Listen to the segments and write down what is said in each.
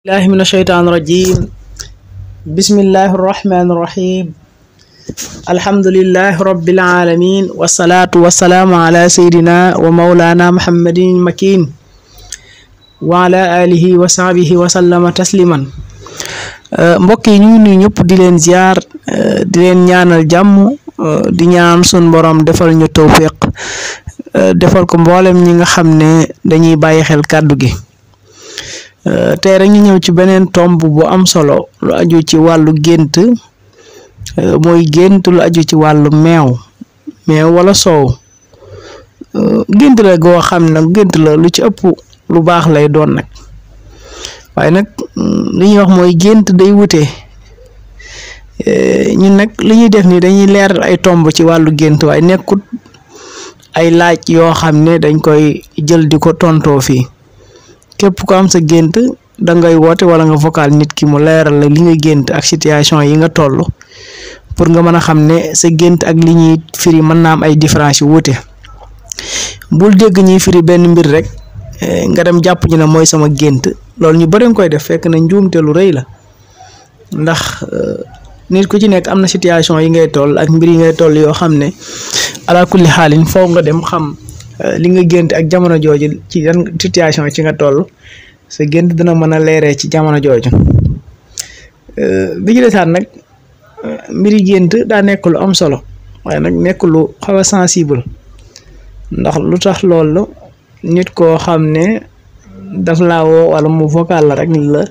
الله من الشيطان الرجيم بسم الله الرحمن الرحيم الحمد لله رب العالمين والصلاة والسلام على سيدنا ومولانا محمد المكين وعلى آله وصحبه وسلم تسليما mbokk yi ñu nuyu ñëpp di leen ziar di leen ñaanal jàmm di ñaan sun borom defal ñu tawfiq defal ko mboolem ñi nga xam ne dañuy bàyyi xel kàddu gi Euh, tey ñu ñëw ci beneen tomb bu am solo lu aju ci wàllu gént euh, mooy gént lu aju ci wàllu meew meew wala soow euh, gént la goo xam ne nag gént la lu ci ëpp lu baax lay doon nag waaye nag mm, li ñuy wax mooy gént day wute ñun nag li ñuy def nii dañuy leer ay tomb ci wàllu gént waaye nekkut ay laaj yoo xam ne dañ koy jël di ko tontoo fii. képp ku am sa gént da ngay woote wala nga vocal nit ki mu leeral la li nga gént ak situation yi nga toll pour nga mën a xam ne sa gént ak li ñuy firi mën naa am ay différence yu wuute bul dégg ñuy firi benn mbir rek eh, nga dem jàpp ñu ne mooy sama gént loolu ñu bëri nga koy def fekk na njuumte lu rëy la ndax eh, nit ku ci nekk am na situation yi ngay toll ak mbir yi ngay toll yoo xam ne ala kulli xaalin foog nga dem xam Euh, li nga gént ak jamono jooju ci yan situation ci nga toll sa gént dina mën a leeree ci jamono jooju euh, bi ñu desaan nag euh, mbiri gént daa nekk lu am solo waaye nag nekk lu xaw a sensible ndax lu tax loolu nit koo xam ne daf laa woo wala mu vocal la rek ni la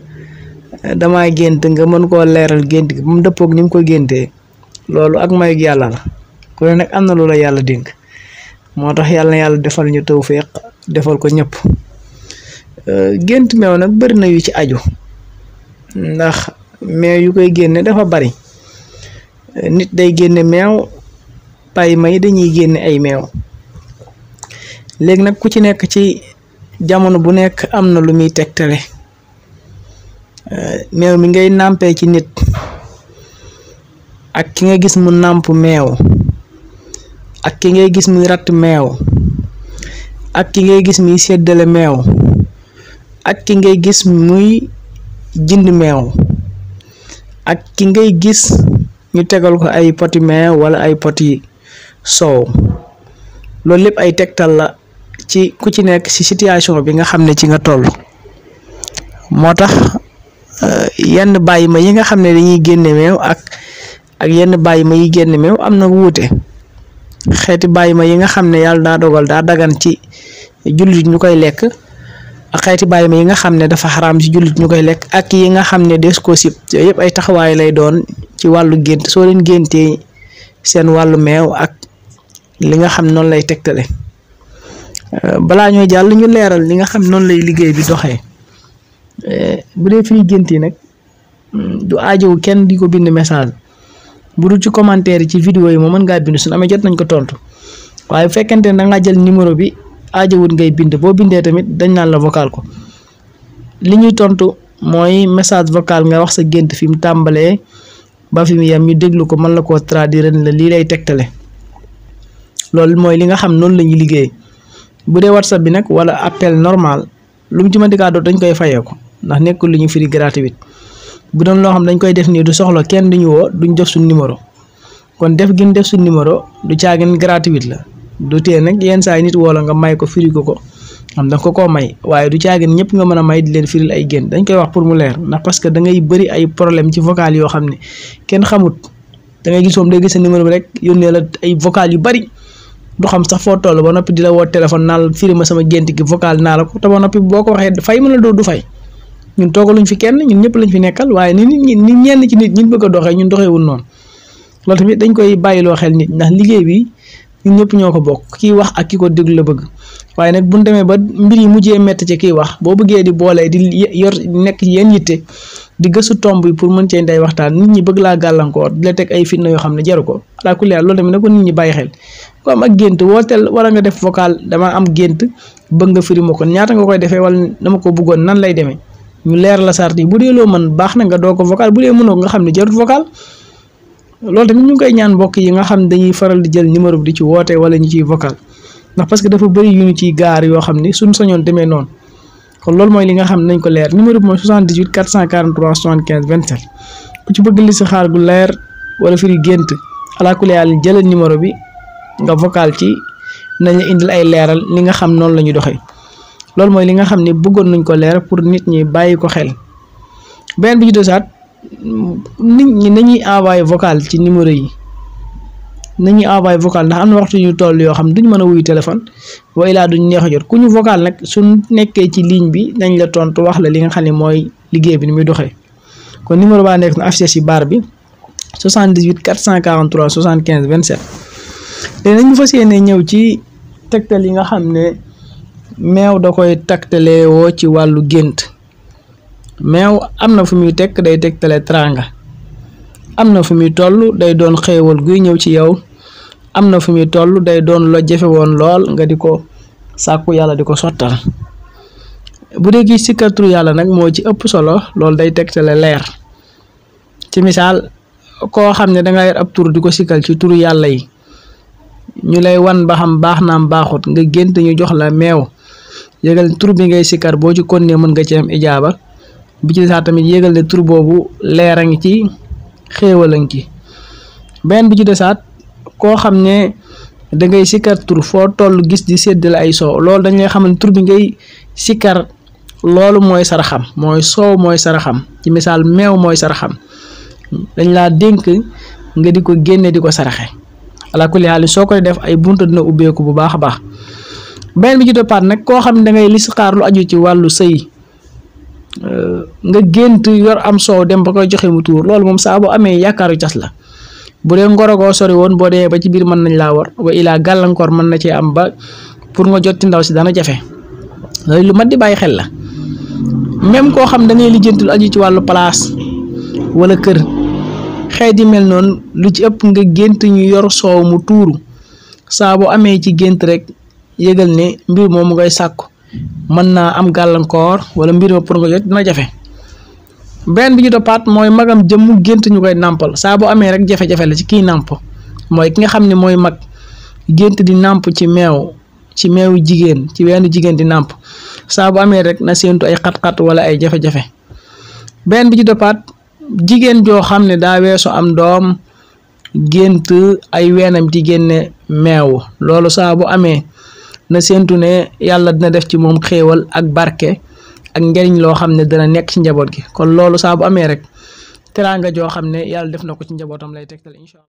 damaa gént nga mën koo leeral gént gi ba mu dëppoog ni mu ko géntee loolu ak may yàlla la ku ne nag am na lu la yàlla dénk moo tax yàlla yàlla defal ñu feex defal ko ñëpp euh, gént meew nag bari na yu ci aju ndax meew yu koy génne dafa bari euh, nit day génne meew pay yi dañuy génne ay meew léegi nag ku ci nekk ci jamono bu nekk am na lu muy tegtale euh, meew mi ngay nàmpee ci nit ak ki nga gis mu nàmp meew ak ki ngay gis muy ratt meew ak ki ngay gis muy séddale meew ak ki ngay gis muy jënd meew ak ki ngay gis ñu tegal ko ay poti meew wala ay poti soow loolu lépp ay tegtal la ci ku ci nekk ci situation bi nga xam ne ci nga toll moo tax eh, yenn bàyyi ma yi nga xam ne dañuy génne meew ak yenn bàyyi ma yi génne meew am na wuute xeeti bàyyi ma yi nga xam ne yàlla daa dogal daa dagan ci jullit ñu koy lekk ak xeeti yi nga xam ne dafa xaraam ci jullit ñu koy lekk ak yi nga xam ne des ko sib yooyu yëpp ay taxawaay lay doon ci wàllu gént soo leen géntee seen wàllu meew ak li nga xam noonu lay tegtale euh, balaa ñoo jàll ñu leeral li nga xam noonu lay liggéey bi doxee euh, bu dee firi gént yi nag hmm, du aajowu kenn di ko bind message bu dul ci commentaire yi ci vidéo yi moom mën ngaa bind suñu amee jot nañ ko tontu waaye bu fekkente ne da ngaa jël numéro bi aajowut ngay bind boo bindee tamit dañ naan la vocal ko li ñuy tontu mooy message vocal nga wax sa gént fi mu tàmbalee ba fi mu déglu ko mën la koo traduire lii lay tegtale loolu mooy li nga xam noonu la ñuy liggéey bu dee whatsapp bi nag wala appel normal lu mu ci kaa doot dañ koy fayee ko ndax nekk lu ñu firi gratuite bu doon loo xam dañ koy def nii du soxla kenn duñu woo duñ def suñ numéro kon def gin def suñ numéro du caagin gratuite la du tee nag yenn saa yi nit woo la nga may ko firi ko ko xam da ko koo may waaye du caagin ñëpp nga mën a may di leen firil ay génn dañ koy wax pour mu leer ndax que da bëri ay problème ci vocal yoo xam ne kenn xamut da ngay gis moom day gis sa numéro bi rek yónnee la ay vocal yu bari du xam sax foo toll ba noppi di la woo téléphone naal firi ma sama gént gi vocal naa la ko te ba noppi boo ko waxee fay mën a doo du fay ñun toogaluñ fi kenn ñun ñëpp lañu fi nekkal waaye ni nit ñi ni ñenn ci nit ñi bëgg a doxee ñun doxeewul noonu loolu tamit dañ koy bàyyiloo xel nit ndax liggéey bi ñëpp ñoo ko bokk kii wax ak ki ko déglu la bëgg waaye nag demee ba mbir yi mujjee métti ci wax boo bëggee di boole di yor nekk ci yenn yitte di gëstu tomb yi pour mën cee day waxtaan nit ñi bëgg laa gàllankoor di la teg ay fitna yoo xam ne jaru ko alaa ku haal loolu tamit na ko nit ñi bàyyi xel ku am ak gént wooteel wala nga def vocal dama am gént bëgg nga firi ma ko ñaata nga koy defee wala dama ko bëggoon nan lay demee ñu leer la sart bu dee loo man baax na nga doo ko vocal bu dee mënoo nga xam ne jarut vocal loolu tamit ñu ngi koy ñaan mbokk yi nga xam dañuy faral di jël numéro bi di ci woote wala ñu ciy vocal ndax parce que dafa bëri yu ñu ciy gaar yoo xam ni suñ sañoon demee noonu kon loolu mooy li nga xam nañ ko leer numéro bi mooy 78 443 75 27 ku ci bëgg li si xaar gu leer wala firi gént ku yàlla jëlal numéro bi nga vocal ci nañ la indil ay leeral li nga xam noonu la ñu doxee loolu mooy li nga xam ne bëggoon nañ ko leer pour nit ñi bàyyi ko xel beneen bi ci desaat nit ñi nañuy envoyé vocal ci numéro yi nañuy envoyé vocal ndax am na waxtu ñu toll yoo xam duñ mën a wuyu téléphone wa ilaa duñ neex a jot ku ñu vocal nag suñ nekkee ci ligne bi nañ la tontu wax la li nga xam ni mooy liggéey bi ni muy doxee kon numéro baa nekk na affiché ci barre bi 78 443 75 27 léegi nañu fas yéene ñëw ci tegtal yi nga xam ne. meew da koy tegtaleewoo ci wàllu gént meew am na fu muy tekk day tegtale teraanga am na fu muy toll day doon xéewal guy ñëw ci yow am na fu muy toll day doon lo jafe woon lool nga di ko sàkku yàlla di ko sottal bu dee gi sikkar turu yàlla nag moo ci ëpp solo loolu day tegtale leer ci misaal koo xam ne danga yor ab tur di ko sikkal ci turu yàlla yi ñu lay wan ba xam baax naam baaxut nga gént ñu jox la meew yéegal ne tur bi ngay sikkar boo ci kon ne mën nga ci am ijaaba bi ci desaat tamit yéegal ne tur boobu leer a ngi ci xéewal a ngi ci beneen bi ci desaat koo xam ne dangay ngay sikkar foo toll gis di séddale ay soow loolu dañ lay xamal tur bi ngay sikkar loolu mooy saraxam mooy soow mooy saraxam ci misaal meew mooy saraxam dañ laa dénk nga di ko génne di ko saraxe alaa kulli haal soo koy def ay buntu dina ubbeeku bu baax a baax benn bi ci doppaat nak ko xamni da ngay listixaar lu aju ci sey euh nga gënt yor am so dem ba koy joxe mu tour loolu mom saa bo amé yakaru cas la bu dee sori won bo demee ba ci bir man nañ la war wa ila galankor man na ci am ba pour nga jotti ndaw si dana jafe lay lu mat baye xel la même ko xam da ngay lijjanti lu aju ci walu place wala kër xey di mel non lu ci ëpp nga gënt ñu yor so mu tour sa bo amé ci gënt rek yëgal ne mbir moomu ngay sàkku mën naa am gàllankoor wala mbir ma pour nga jot dina jafe benn bi ñu toppaat mooy magam jëmm gént ñu koy nàmpal saa amee rek jafe la ci kii nàmp mooy ki nga xam ne mooy mag gént di nàmp ci meew ci meewu jigéen ci weenu jigéen di nàmp saa bu amee rek na séentu ay xat-xat wala ay jafe-jafe benn bi ci doppaat jigéen joo xam ne daa weesu am doom gént ay weenam di génne meew loolu saa bu amee na séentu ne yàlla dina def ci moom xéewal ak barke ak njariñ loo xam ne dana nekk ci njaboot gi kon loolu saa bu amee rek teraanga joo xam ne yàlla def na ko ci njabootam lay tegtal incha allah